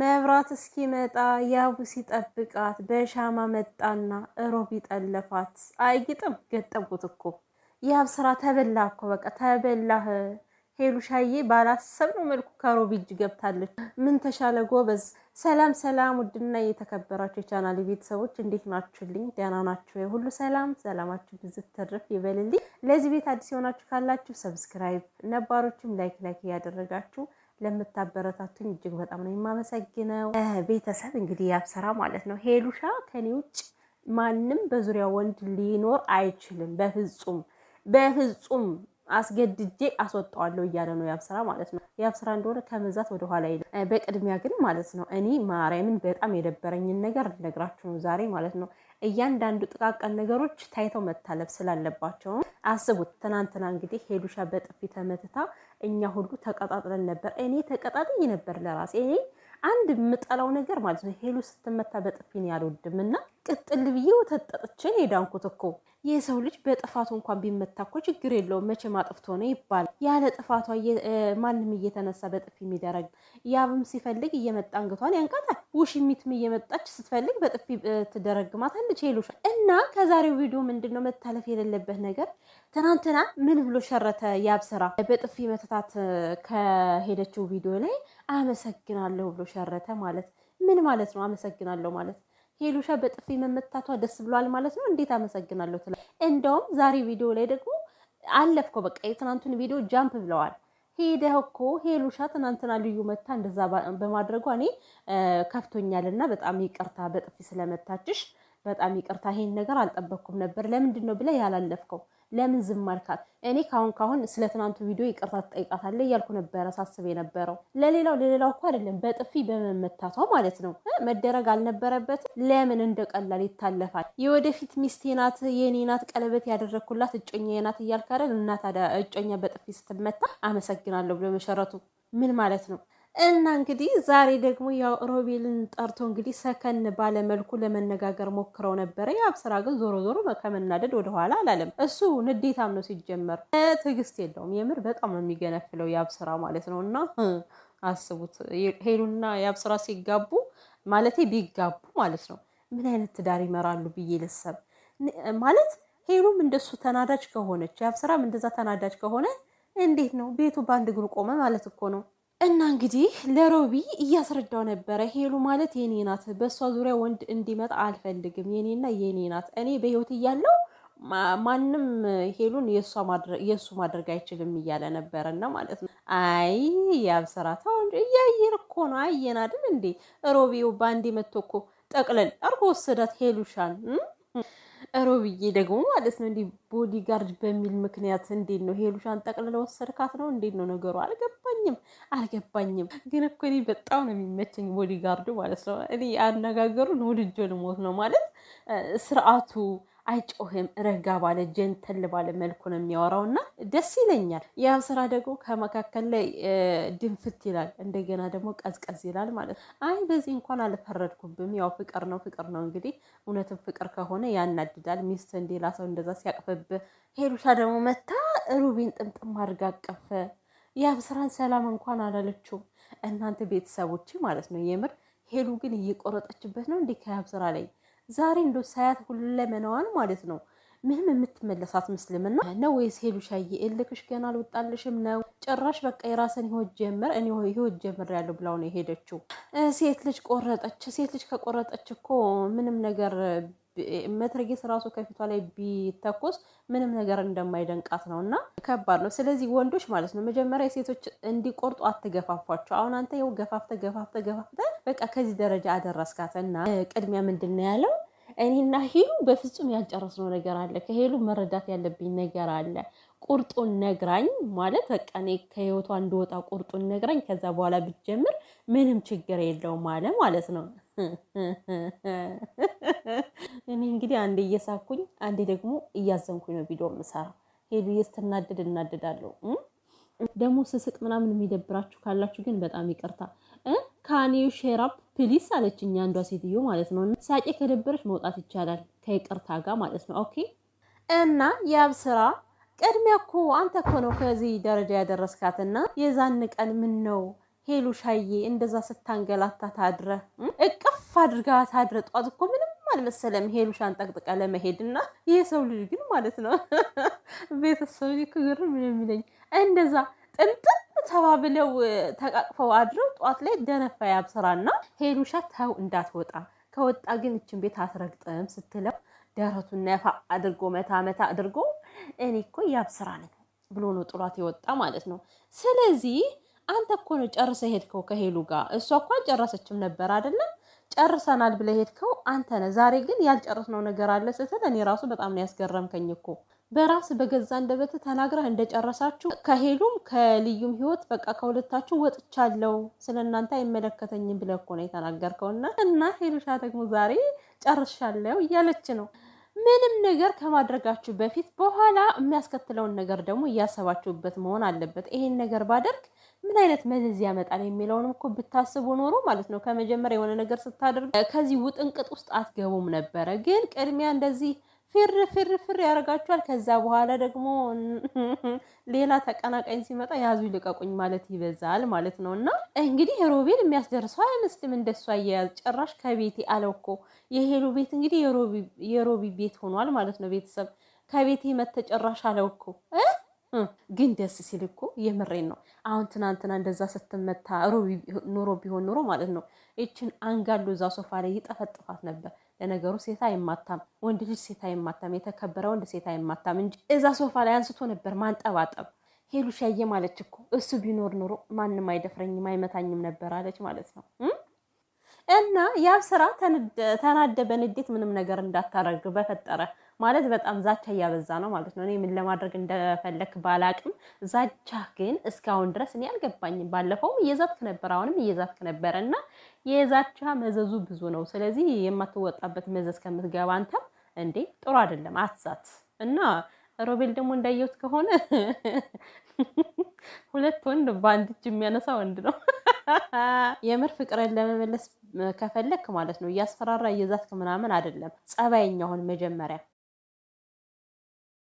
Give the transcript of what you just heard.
መብራት እስኪመጣ ያቡ ሲጠብቃት በሻማ መጣና እሮብ ይጠለፋት። አይግጥም ገጠምኩት እኮ ያብ ስራ ተበላ እኮ በቃ ተበላህ። ሄሉሻዬ ባላሰብነው መልኩ ከሮቢ እጅ ገብታለች። ምን ተሻለ ጎበዝ። ሰላም ሰላም! ውድና እየተከበራችሁ የቻናል ቤተሰቦች እንዴት ናችሁልኝ? ደህና ናችሁ? ሁሉ ሰላም ሰላማችሁ ብዝት ትርፍ ይበልልኝ። ለዚህ ቤት አዲስ የሆናችሁ ካላችሁ ሰብስክራይብ፣ ነባሮችም ላይክ ላይክ እያደረጋችሁ ለምታበረታቱኝ እጅግ በጣም ነው የማመሰግነው። ቤተሰብ እንግዲህ ያብሰራ ማለት ነው። ሄሉሻ ከኔ ውጭ ማንም በዙሪያ ወንድ ሊኖር አይችልም። በፍጹም በፍጹም አስገድጄ አስወጣዋለሁ እያለ ነው የአብስራ ማለት ነው። የአብስራ እንደሆነ ከመዛት ወደኋላ ይለ በቅድሚያ ግን ማለት ነው እኔ ማርያምን በጣም የደበረኝን ነገር ልነግራችሁ ነው ዛሬ ማለት ነው። እያንዳንዱ ጥቃቀን ነገሮች ታይተው መታለፍ ስላለባቸው አስቡት። ትናንትና እንግዲህ ሄዱሻ በጥፊ ተመትታ እኛ ሁሉ ተቀጣጥለን ነበር። እኔ ተቀጣጥኝ ነበር ለራሴ እኔ አንድ የምጠላው ነገር ማለት ነው ሄሉ ስትመታ በጥፊን ነው ያልወድም እና ቅጥል ብዬ ወተት ጠጥቼ ነው እኮ የሰው ልጅ በጥፋቱ እንኳን ቢመታ እኮ ችግር የለውም መቼም አጥፍቶ ነው ይባላል። ያለ ጥፋቷ ማንም እየተነሳ በጥፊ የሚደረግ ያብም ሲፈልግ እየመጣ አንገቷን ያንቃታል። ውሽሚትም እየመጣች ስትፈልግ በጥፊ ትደረግማታለች። ሄሉሻ እና ከዛሬው ቪዲዮ ምንድን ነው መታለፍ የሌለበት ነገር ትናንትና ምን ብሎ ሸረተ ያብ ስራ በጥፊ መተታት ከሄደችው ቪዲዮ ላይ አመሰግናለሁ ብሎ ሸረተ ማለት ምን ማለት ነው? አመሰግናለሁ ማለት ሄሉሻ በጥፊ መመታቷ ደስ ብሏል ማለት ነው። እንዴት አመሰግናለሁ ትላለች። እንደውም ዛሬ ቪዲዮ ላይ ደግሞ አለፍከው በቃ የትናንቱን ቪዲዮ ጃምፕ ብለዋል። ሄደህ እኮ ሄሉሻ ትናንትና ልዩ መታ እንደዛ በማድረጓ እኔ ከፍቶኛልና በጣም ይቅርታ በጥፊ ስለመታችሽ በጣም ይቅርታ ይሄን ነገር አልጠበቅኩም ነበር፣ ለምንድን ነው ብለህ ያላለፍከው? ለምን ዝም አልካት? እኔ ካሁን ካሁን ስለ ትናንቱ ቪዲዮ ይቅርታ ትጠይቃታለህ እያልኩ ነበረ ሳስብ የነበረው። ለሌላው ለሌላው እኮ አይደለም በጥፊ በመመታቷ ማለት ነው መደረግ አልነበረበትም። ለምን እንደ ቀላል ይታለፋል? የወደፊት ሚስቴ ናት፣ ናት፣ ቀለበት ያደረግኩላት እጮኛ ናት እያልክ አይደል? እና ታዲያ እጮኛ በጥፊ ስትመታ አመሰግናለሁ ብሎ መሸረቱ ምን ማለት ነው? እና እንግዲህ ዛሬ ደግሞ ያው ሮቤልን ጠርቶ እንግዲህ ሰከን ባለ መልኩ ለመነጋገር ሞክረው ነበረ። የአብስራ ግን ዞሮ ዞሮ ከመናደድ ወደኋላ አላለም። እሱ ንዴታም ነው ሲጀመር፣ ትዕግስት የለውም። የምር በጣም ነው የሚገነፍለው የአብስራ ማለት ነው። እና አስቡት ሄሉና የአብስራ ሲጋቡ ማለት ቢጋቡ ማለት ነው ምን አይነት ትዳር ይመራሉ ብዬ ልሰብ ማለት ሄሉም እንደሱ ተናዳጅ ከሆነች የአብስራም እንደዛ ተናዳጅ ከሆነ እንዴት ነው ቤቱ በአንድ እግሩ ቆመ ማለት እኮ ነው። እና እንግዲህ ለሮቢ እያስረዳው ነበረ። ሄሉ ማለት የኔ ናት፣ በእሷ ዙሪያ ወንድ እንዲመጣ አልፈልግም። የኔና የኔ ናት። እኔ በህይወት እያለው ማንም ሄሉን የእሱ ማድረግ አይችልም እያለ ነበረ። እና ማለት ነው አይ ያብሰራታ ተው እያየር እኮ ነው። አየን አይደል እንዴ ሮቢው በአንዴ መቶ እኮ ጠቅለል አርጎ ወሰዳት ሄሉሻን ሮብዬ ደግሞ ማለት ነው እንዲህ ቦዲጋርድ በሚል ምክንያት እንዴት ነው ሄሉሻን ጠቅልለ ወሰድካት ነው? እንዴት ነው ነገሩ? አልገባኝም አልገባኝም። ግን እኮ እኔ በጣም ነው የሚመቸኝ ቦዲጋርዱ ማለት ነው። እኔ አነጋገሩን ወድጆ ልሞት ነው ማለት ስርዓቱ አይጮህም። ረጋ ባለ ጀንተል ባለ መልኩ ነው የሚያወራው እና ደስ ይለኛል። ያው ስራ ደግሞ ከመካከል ላይ ድንፍት ይላል፣ እንደገና ደግሞ ቀዝቀዝ ይላል ማለት አይ በዚህ እንኳን አልፈረድኩብም። ያው ፍቅር ነው ፍቅር ነው እንግዲህ። እውነትም ፍቅር ከሆነ ያናድዳል። ሚስት እንዴላ ሰው እንደዛ ሲያቅፍብህ፣ ሄሉሻ ደግሞ መታ ሩቢን ጥምጥም አድርጋ አቀፈ። ያብ ስራን ሰላም እንኳን አላለችው። እናንተ ቤተሰቦች ማለት ነው የምር ሄሉ ግን እየቆረጠችበት ነው እንዲህ ከያብ ስራ ላይ ዛሬ እንደ ሳያት ሁለመናዋን ማለት ነው ምንም የምትመለሳት ምስልም ና ነው ወይስ ሄሉሻዬ እልክሽ ገና አልወጣልሽም ነው? ጭራሽ በቃ የራስን ህይወት ጀምር እኔ ህይወት ጀምር ያለው ብላው ነው የሄደችው። ሴት ልጅ ቆረጠች። ሴት ልጅ ከቆረጠች እኮ ምንም ነገር መትረጌስ ራሱ ከፊቷ ላይ ቢተኮስ ምንም ነገር እንደማይደንቃት ነው እና ከባድ ነው። ስለዚህ ወንዶች ማለት ነው መጀመሪያ ሴቶች እንዲቆርጡ አትገፋፏቸው። አሁን አንተ ይኸው ገፋፍተ ገፋፍተ ገፋፍተ በቃ ከዚህ ደረጃ አደረስካት እና ቅድሚያ ምንድን ነው ያለው እኔና ሄሉ በፍጹም ያልጨረስነው ነገር አለ። ከሄሉ መረዳት ያለብኝ ነገር አለ። ቁርጡን ነግራኝ ማለት በቃ እኔ ከህይወቷ እንደወጣ ቁርጡን ነግራኝ ከዛ በኋላ ብጀምር ምንም ችግር የለውም አለ ማለት ነው። እኔ እንግዲህ አንዴ እየሳኩኝ አንዴ ደግሞ እያዘንኩኝ ነው ቪዲዮ የምሰራው። ሄዱ እየስተናደድ እናደዳለሁ ደግሞ ስስቅ ምናምን የሚደብራችሁ ካላችሁ ግን በጣም ይቅርታ ካኒዩ ሼራፕ ፕሊስ አለችኝ አንዷ ሴትዮ ማለት ነው። ሳቄ ከደበረች መውጣት ይቻላል ከይቅርታ ጋር ማለት ነው። ኦኬ እና ያብ ስራ ቅድሚያ እኮ አንተ እኮ ነው ከዚህ ደረጃ ያደረስካት ያደረስካትና የዛን ቀን ምን ነው ሄሉ ሻዬ እንደዛ ስታንገላታ ታድረ እቅፍ አድርጋ ታድረ ጠዋት እኮ ምንም አልመሰለም ሄሉ ሻንጠቅጥቀ ለመሄድ እና ይህ ሰው ልጅ ግን ማለት ነው ቤተሰብ ክግር ምን የሚለኝ እንደዛ ጥንጥ ተባብለው ተቃቅፈው አድረው ጠዋት ላይ ደነፋ ያብስራና ሄሉሻ ተው እንዳትወጣ ከወጣ ግን እችን ቤት አትረግጥም ስትለው ደረቱን ነፋ አድርጎ መታ መታ አድርጎ እኔ እኮ ያብስራ ነኝ ብሎ ነው ጥሏት የወጣ ማለት ነው። ስለዚህ አንተ እኮ ነው ጨርሰ ሄድከው ከሄሉ ጋር። እሷ እኮ አልጨረሰችም ነበር አይደለም ጨርሰናል ብለ ሄድከው አንተ ነህ። ዛሬ ግን ያልጨረስነው ነገር አለ ስትል እኔ ራሱ በጣም ነው ያስገረምከኝ እኮ በራስ በገዛ እንደበት ተናግራ እንደጨረሳችሁ ከሄሉም ከልዩም ህይወት በቃ ከሁለታችሁ ወጥቻለሁ፣ ስለ እናንተ አይመለከተኝም ብለህ እኮ ነው የተናገርከው። እና እና ሄሉሻ ደግሞ ዛሬ ጨርሻለሁ እያለች ነው። ምንም ነገር ከማድረጋችሁ በፊት በኋላ የሚያስከትለውን ነገር ደግሞ እያሰባችሁበት መሆን አለበት። ይሄን ነገር ባደርግ ምን አይነት መዘዝ ያመጣል የሚለውንም እኮ ብታስቡ ኖሮ ማለት ነው ከመጀመሪያ የሆነ ነገር ስታደርግ ከዚህ ውጥንቅጥ ውስጥ አትገቡም ነበረ። ግን ቅድሚያ እንደዚህ ፍር ፍር ፍር ያደርጋችኋል። ከዛ በኋላ ደግሞ ሌላ ተቀናቃኝ ሲመጣ ያዙ ይልቀቁኝ ማለት ይበዛል ማለት ነው። እና እንግዲህ ሮቤል የሚያስደርሰው አይመስልም እንደሱ አያያዝ። ጭራሽ ከቤቴ አለው እኮ የሄሉ ቤት እንግዲህ የሮቢ ቤት ሆኗል ማለት ነው። ቤተሰብ ከቤቴ መተጨራሽ አለው እኮ ግን ደስ ሲል እኮ የምሬን ነው። አሁን ትናንትና እንደዛ ስትመታ ኖሮ ቢሆን ኖሮ ማለት ነው ይችን አንጋሎ እዛ ሶፋ ላይ ይጠፈጥፋት ነበር። ለነገሩ ሴት አይማታም፣ ወንድ ልጅ ሴት አይማታም፣ የተከበረ ወንድ ሴት አይማታም እንጂ እዛ ሶፋ ላይ አንስቶ ነበር ማንጠባጠብ። ሻየ ማለች እኮ እሱ ቢኖር ኑሮ ማንም አይደፍረኝም አይመታኝም ነበር አለች ማለት ነው። እና ያብ ስራ ተናደበ ንዴት ምንም ነገር እንዳታረግ በፈጠረ ማለት በጣም ዛቻ እያበዛ ነው ማለት ነው። እኔ ምን ለማድረግ እንደፈለክ ባላቅም ዛቻ ግን እስካሁን ድረስ እኔ አልገባኝም። ባለፈውም እየዛትክ ነበር፣ አሁንም እየዛትክ ነበረ እና የዛቻ መዘዙ ብዙ ነው። ስለዚህ የማትወጣበት መዘዝ ከምትገባ አንተም እንዴ ጥሩ አይደለም፣ አትዛት እና ሮቤል ደግሞ እንዳየሁት ከሆነ ሁለት ወንድ በአንድ እጅ የሚያነሳ ወንድ ነው። የምር ፍቅርን ለመመለስ ከፈለክ ማለት ነው እያስፈራራ እየዛትክ ምናምን አይደለም። ጸባይኛ ሁን መጀመሪያ